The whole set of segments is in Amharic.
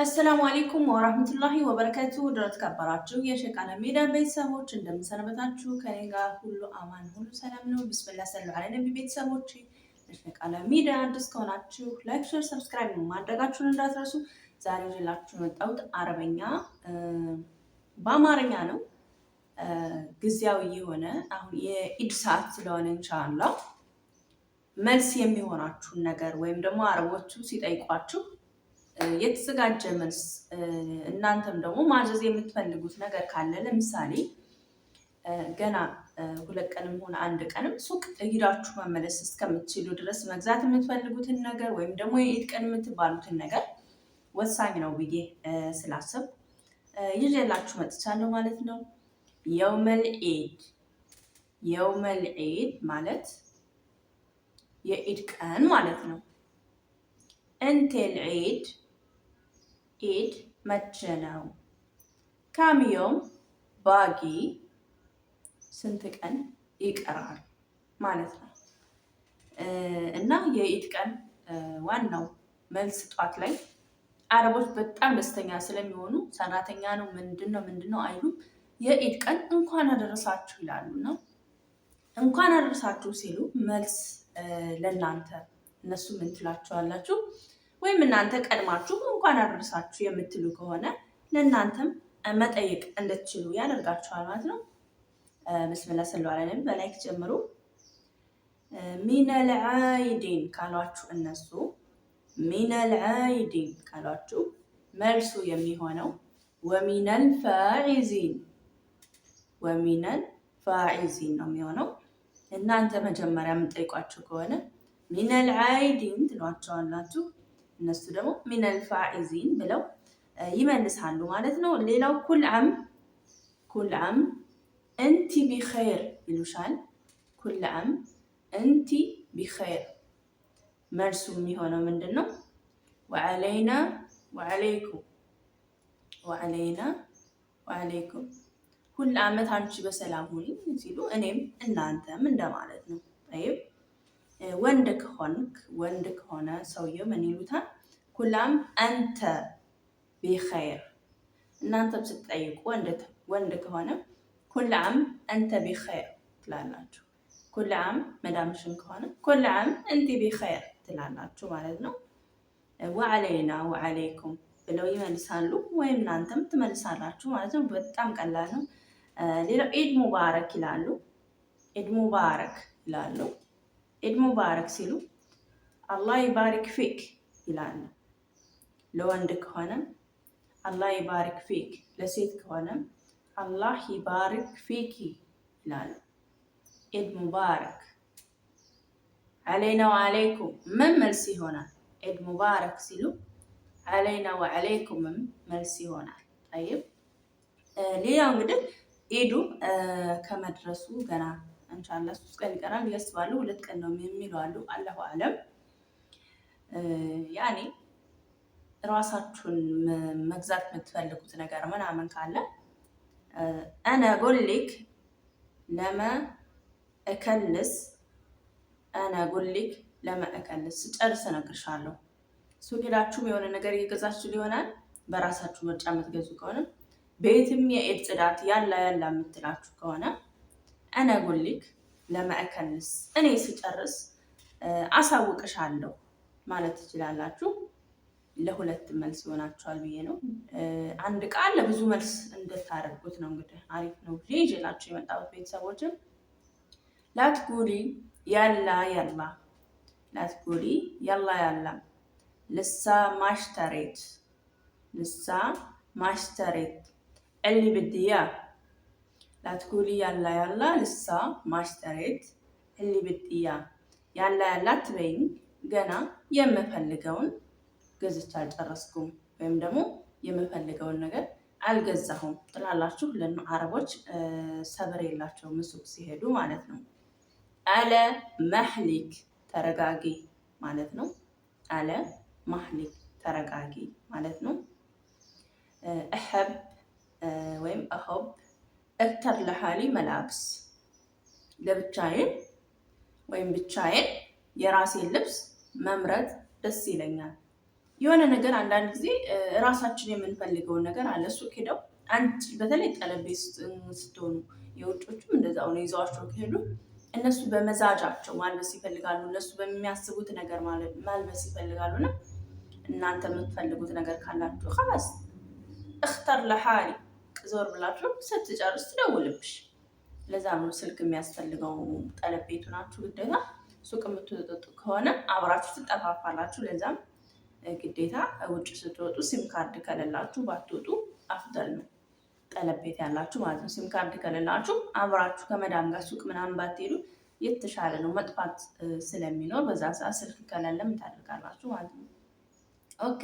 አሰላሙ አሌይኩም ወራህመቱላሂ ወበረከቱ። ድረት ከበራችሁ የሸቃለ ሜዳ ቤተሰቦች እንደምሰነበታችሁ፣ ከኔ ጋር ሁሉ አማን ሁሉ ሰላም ነው። ብስምላ ሰሉ አለ ነቢ። ቤተሰቦች የሸቃለ ሜዳ አዲስ ከሆናችሁ ላይክ፣ ሼር፣ ሰብስክራይብ ማድረጋችሁን እንዳትረሱ። ዛሬ ይዤላችሁ የመጣሁት አረበኛ በአማርኛ ነው። ጊዜያዊ የሆነ አሁን የኢድ ሰዓት ስለሆነ ኢንሻአላህ መልስ የሚሆናችሁን ነገር ወይም ደግሞ አረቦቹ ሲጠይቋችሁ የተዘጋጀ መልስ እናንተም ደግሞ ማዘዝ የምትፈልጉት ነገር ካለ ለምሳሌ ገና ሁለት ቀንም ሆነ አንድ ቀንም ሱቅ ሂዳችሁ መመለስ እስከምትችሉ ድረስ መግዛት የምትፈልጉትን ነገር ወይም ደግሞ የኢድ ቀን የምትባሉትን ነገር ወሳኝ ነው ብዬ ስላሰብ ይዤላችሁ መጥቻለሁ ማለት ነው። የውመል ኢድ የውመል ኢድ ማለት የኢድ ቀን ማለት ነው። እንቴል ኢድ ኢድ መቼ ነው? ካሚዮም ባጊ ስንት ቀን ይቀራል ማለት ነው። እና የኢድ ቀን ዋናው መልስ ጧት ላይ አረቦች በጣም ደስተኛ ስለሚሆኑ ሰራተኛ ነው ምንድን ነው ምንድን ነው አይሉም። የኢድ ቀን እንኳን አደረሳችሁ ይላሉ። እና እንኳን አደረሳችሁ ሲሉ መልስ ለእናንተ እነሱ ምን ትላችኋላችሁ? ወይም እናንተ ቀድማችሁ እንኳን አደረሳችሁ የምትሉ ከሆነ ለእናንተም መጠየቅ እንድትችሉ ያደርጋችኋል ማለት ነው። ብስምላ ስለ በላይክ ጀምሩ። ሚነል አይዲን ካሏችሁ እነሱ ሚነል ዓይዲን ካሏችሁ መልሱ የሚሆነው ወሚነል ፋዒዚን ወሚነል ፋዒዚን ነው የሚሆነው። እናንተ መጀመሪያ የምንጠይቋቸው ከሆነ ሚነል ትሏቸዋላችሁ። እነሱ ደግሞ ሚነል ፋኢዚን ብለው ይመልሳሉ ማለት ነው። ሌላው ኩል ዓም ኩል ዓም እንቲ ቢኸይር ይሉሻል። ኩል ዓም እንቲ ቢኸይር መልሱ የሚሆነው ምንድን ነው? ወዓለይና ወዓለይኩም ወዓለይና ወዓለይኩም ሁል ዓመት አንቺ በሰላም ሁኚ ሲሉ እኔም እናንተም እንደማለት ነው። ወንድ ከሆንክ ወንድ ከሆነ ሰውየው ምን ይሉታል? ኩላም አንተ ቢኸይር እናንተም ስትጠይቁ ወንድ ከሆነ ኩላም አንተ ቢኸይር ትላላችሁ። ኩላም መዳምሽን ከሆነ ኩላም እንቲ ቢኸይር ትላላችሁ ማለት ነው። ወዓለይና ወዓለይኩም ብለው ይመልሳሉ፣ ወይም እናንተም ትመልሳላችሁ ማለት ነው። በጣም ቀላል ነው። ሌላው ኢድ ሙባረክ ይላሉ። ኢድ ሙባረክ ይላሉ። ኢድ ሙባረክ ሲሉ አላህ ይባሪክ ፊክ ይላሉ። ለወንድ ከሆነም አላህ ይባሪክ ፊክ፣ ለሴት ከሆነም አላህ ይባሪክ ፊኪ ይላሉ። ኢድ ሙባረክ አለይና ወአለይኩም ምን መልስ ይሆናል? ኢድ ሙባረክ ሲሉ አለይና ወአለይኩምም መልስ ይሆናል። ይ ሌላው እንግዲህ ኢዱ ከመድረሱ ገና እንሻላ ሶስት ቀን ይቀራል ባሉ ሁለት ቀን ነው የሚሉ አሉ። አላሁ አለም። ያኔ ራሳችሁን መግዛት የምትፈልጉት ነገር ምናምን ካለ አነ ጎሊክ ለመ እከልስ አነ ጎሊክ ለመ እከልስ ስጨርስ እነግርሻለሁ። ሱቅ ሄዳችሁም የሆነ ነገር እየገዛችሁ ሊሆናል። በራሳችሁ ምርጫ የምትገዙ ከሆነ ቤትም የኤድ ጽዳት ያላ ያላ የምትላችሁ ከሆነ እነ ጉሊክ ለመእከንስ እኔ ስጨርስ አሳውቅሻለሁ ማለት ትችላላችሁ። ለሁለት መልስ ይሆናችኋል ብዬ ነው። አንድ ቃል ለብዙ መልስ እንድታደርጉት ነው። እንግዲህ አሪፍ ነው ብዬ ይዤላችሁ የመጣሁት ቤተሰቦችም ላትጉሪ ያላ ያላ ላትጉሪ ያላ ያላ ልሳ ማሽተሬት ልሳ ማሽተሬት ዕሊ ብድያ ላትጎሊ ያላ ያላ ልሳ ማሽተሬት ህሊ ብጥያ ያላ ያላ ትበይኝ ገና የምፈልገውን ገዝቼ አልጨረስኩም ወይም ደግሞ የምፈልገውን ነገር አልገዛሁም ጥላላችሁ ለኑ አረቦች ሰብር የላቸው ምሱቅ ሲሄዱ ማለት ነው። አለ መህሊክ ተረጋጊ ማለት ነው። አለ ማህሊክ ተረጋጊ ማለት ነው። እሐብ ወይም አሆብ እክተር ለሃሊ መላብስ ለብቻዬን ወይም ብቻዬን የራሴን ልብስ መምረጥ ደስ ይለኛል። የሆነ ነገር አንዳንድ ጊዜ ራሳችን የምንፈልገውን ነገር አለ ሱቅ ሄደው አንድ በተለይ ጠለቤ ስትሆኑ የውጮቹም እንደዛ ሆነ ይዘዋቸው ከሄዱ እነሱ በመዛጃቸው ማልበስ ይፈልጋሉ። እነሱ በሚያስቡት ነገር ማልበስ ይፈልጋሉ። እና እናንተ የምትፈልጉት ነገር ካላችሁ ከበስ እክተር ለሃሊ ዞር ብላችሁ ስትጨርስ ትደውልብሽ። ለዛም ነው ስልክ የሚያስፈልገው። ጠለቤቱ ናችሁ ግዴታ። ሱቅ የምትወጡ ከሆነ አብራችሁ ትጠፋፋላችሁ። ለዛም ግዴታ ውጭ ስትወጡ ሲም ካርድ ከሌላችሁ ባትወጡ አፍደል ነው። ጠለቤት ያላችሁ ማለት ነው። ሲም ካርድ ከሌላችሁ አብራችሁ ከመዳም ጋር ሱቅ ምናምን ባትሄዱ የተሻለ ነው። መጥፋት ስለሚኖር በዛ ሰዓት ስልክ ከሌለም ታደርጋላችሁ ማለት ነው። ኦኬ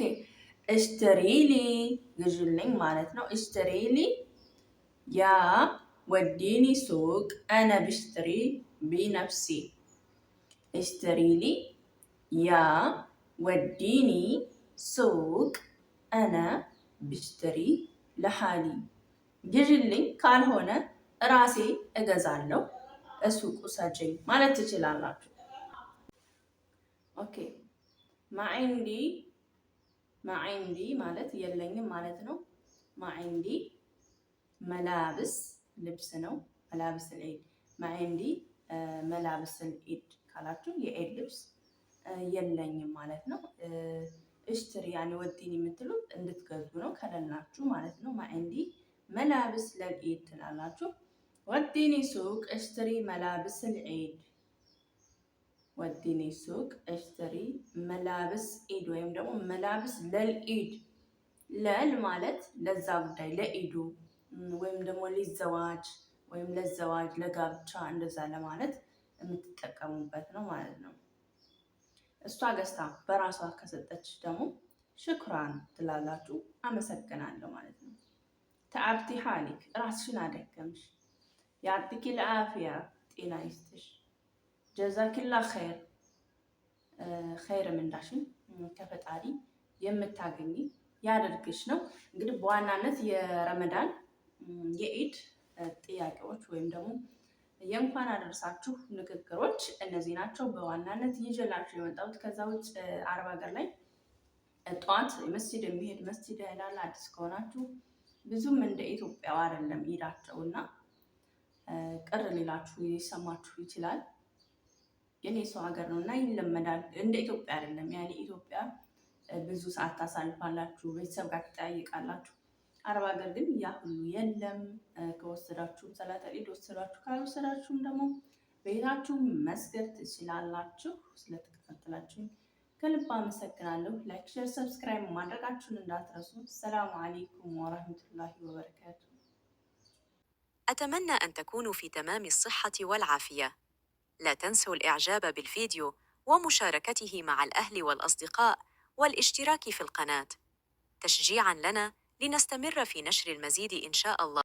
እሽትሪሊ ግዥልኝ ማለት ነው። እሽትሪሊ ያ ወዲኒ ሱቅ አነ ብሽትሪ ቢነፍሲ እሽትሪሊ ያ ወዲኒ ሱቅ አነ ብሽትሪ ለሓሊ ግዥልኝ፣ ካልሆነ እራሴ እገዛለሁ እሱቁ ሰጀኝ ማለት ትችላላችሁ። ኦኬ ማዕንዲ ማዒንዲ ማለት የለኝም ማለት ነው። ማዒንዲ መላብስ ልብስ ነው። መላብስ ልዒድ ማዒንዲ መላብስ ልዒድ ካላችሁ የዒድ ልብስ የለኝም ማለት ነው። እሽትሪ ያኔ ወዲን የምትሉት እንድትገዙ ነው ከሌላችሁ ማለት ነው። ማዒንዲ መላብስ ለልዒድ ትላላችሁ። ወዲኒ ሱቅ እሽትሪ መላብስ ልዒድ ወዲኒ ሱቅ እሽትሪ መላብስ ኢድ ወይም ደግሞ መላብስ ለልኢድ ለል ማለት ለዛ ጉዳይ ለኢዱ ወይም ደግሞ ሊዘዋጅ ወይም ለዘዋጅ ለጋብቻ እንደዛ ለማለት የምትጠቀሙበት ነው ማለት ነው። እሷ ገዝታ በራሷ ከሰጠች ደግሞ ሽክራን ትላላችሁ፣ አመሰግናለሁ ማለት ነው። ተአብቲ ሐሊክ ራስሽን አደገምሽ የአጥቂ ለአፍያ ጤና ይስጥሽ። ጀዛኪላ ኸይር ኸይር ምላሽን ከፈጣሪ የምታገኝ ያደርግሽ ነው። እንግዲህ በዋናነት የረመዳን የኢድ ጥያቄዎች ወይም ደግሞ የእንኳን አደረሳችሁ ንግግሮች እነዚህ ናቸው በዋናነት ይዤላችሁ የመጣሁት። ከዛ ውጭ አረብ ሀገር ላይ ጠዋት መስጂድ የሚሄድ መስጂድ ሄዳል። አዲስ ከሆናችሁ ብዙም እንደ ኢትዮጵያው አይደለም ኢዳቸው እና ቅር ሌላችሁ ሊሰማችሁ ይችላል። ግን ሰው ሀገር ነው እና ይለመዳል። እንደ ኢትዮጵያ አይደለም። ያኔ ኢትዮጵያ ብዙ ሰዓት ታሳልፋላችሁ፣ ቤተሰብ ጋር ትጠያይቃላችሁ። አረብ ሀገር ግን ያ ሁሉ የለም። ከወሰዳችሁም ሰላተ ዒድ ወሰዳችሁ፣ ካልወሰዳችሁም ደግሞ ቤታችሁ መስገድ ትችላላችሁ። ስለተከታተላችሁ ከልብ አመሰግናለሁ። ላይክ፣ ሼር፣ ሰብስክራይብ ማድረጋችሁን እንዳትረሱ። ሰላም አሌይኩም ወረህመቱላሂ ወበረካቱ። أتمنى أن تكونوا في تمام الصحة والعافية لا تنسوا الإعجاب بالفيديو ومشاركته مع الأهل والأصدقاء والاشتراك في القناة تشجيعا لنا لنستمر في نشر المزيد إن شاء الله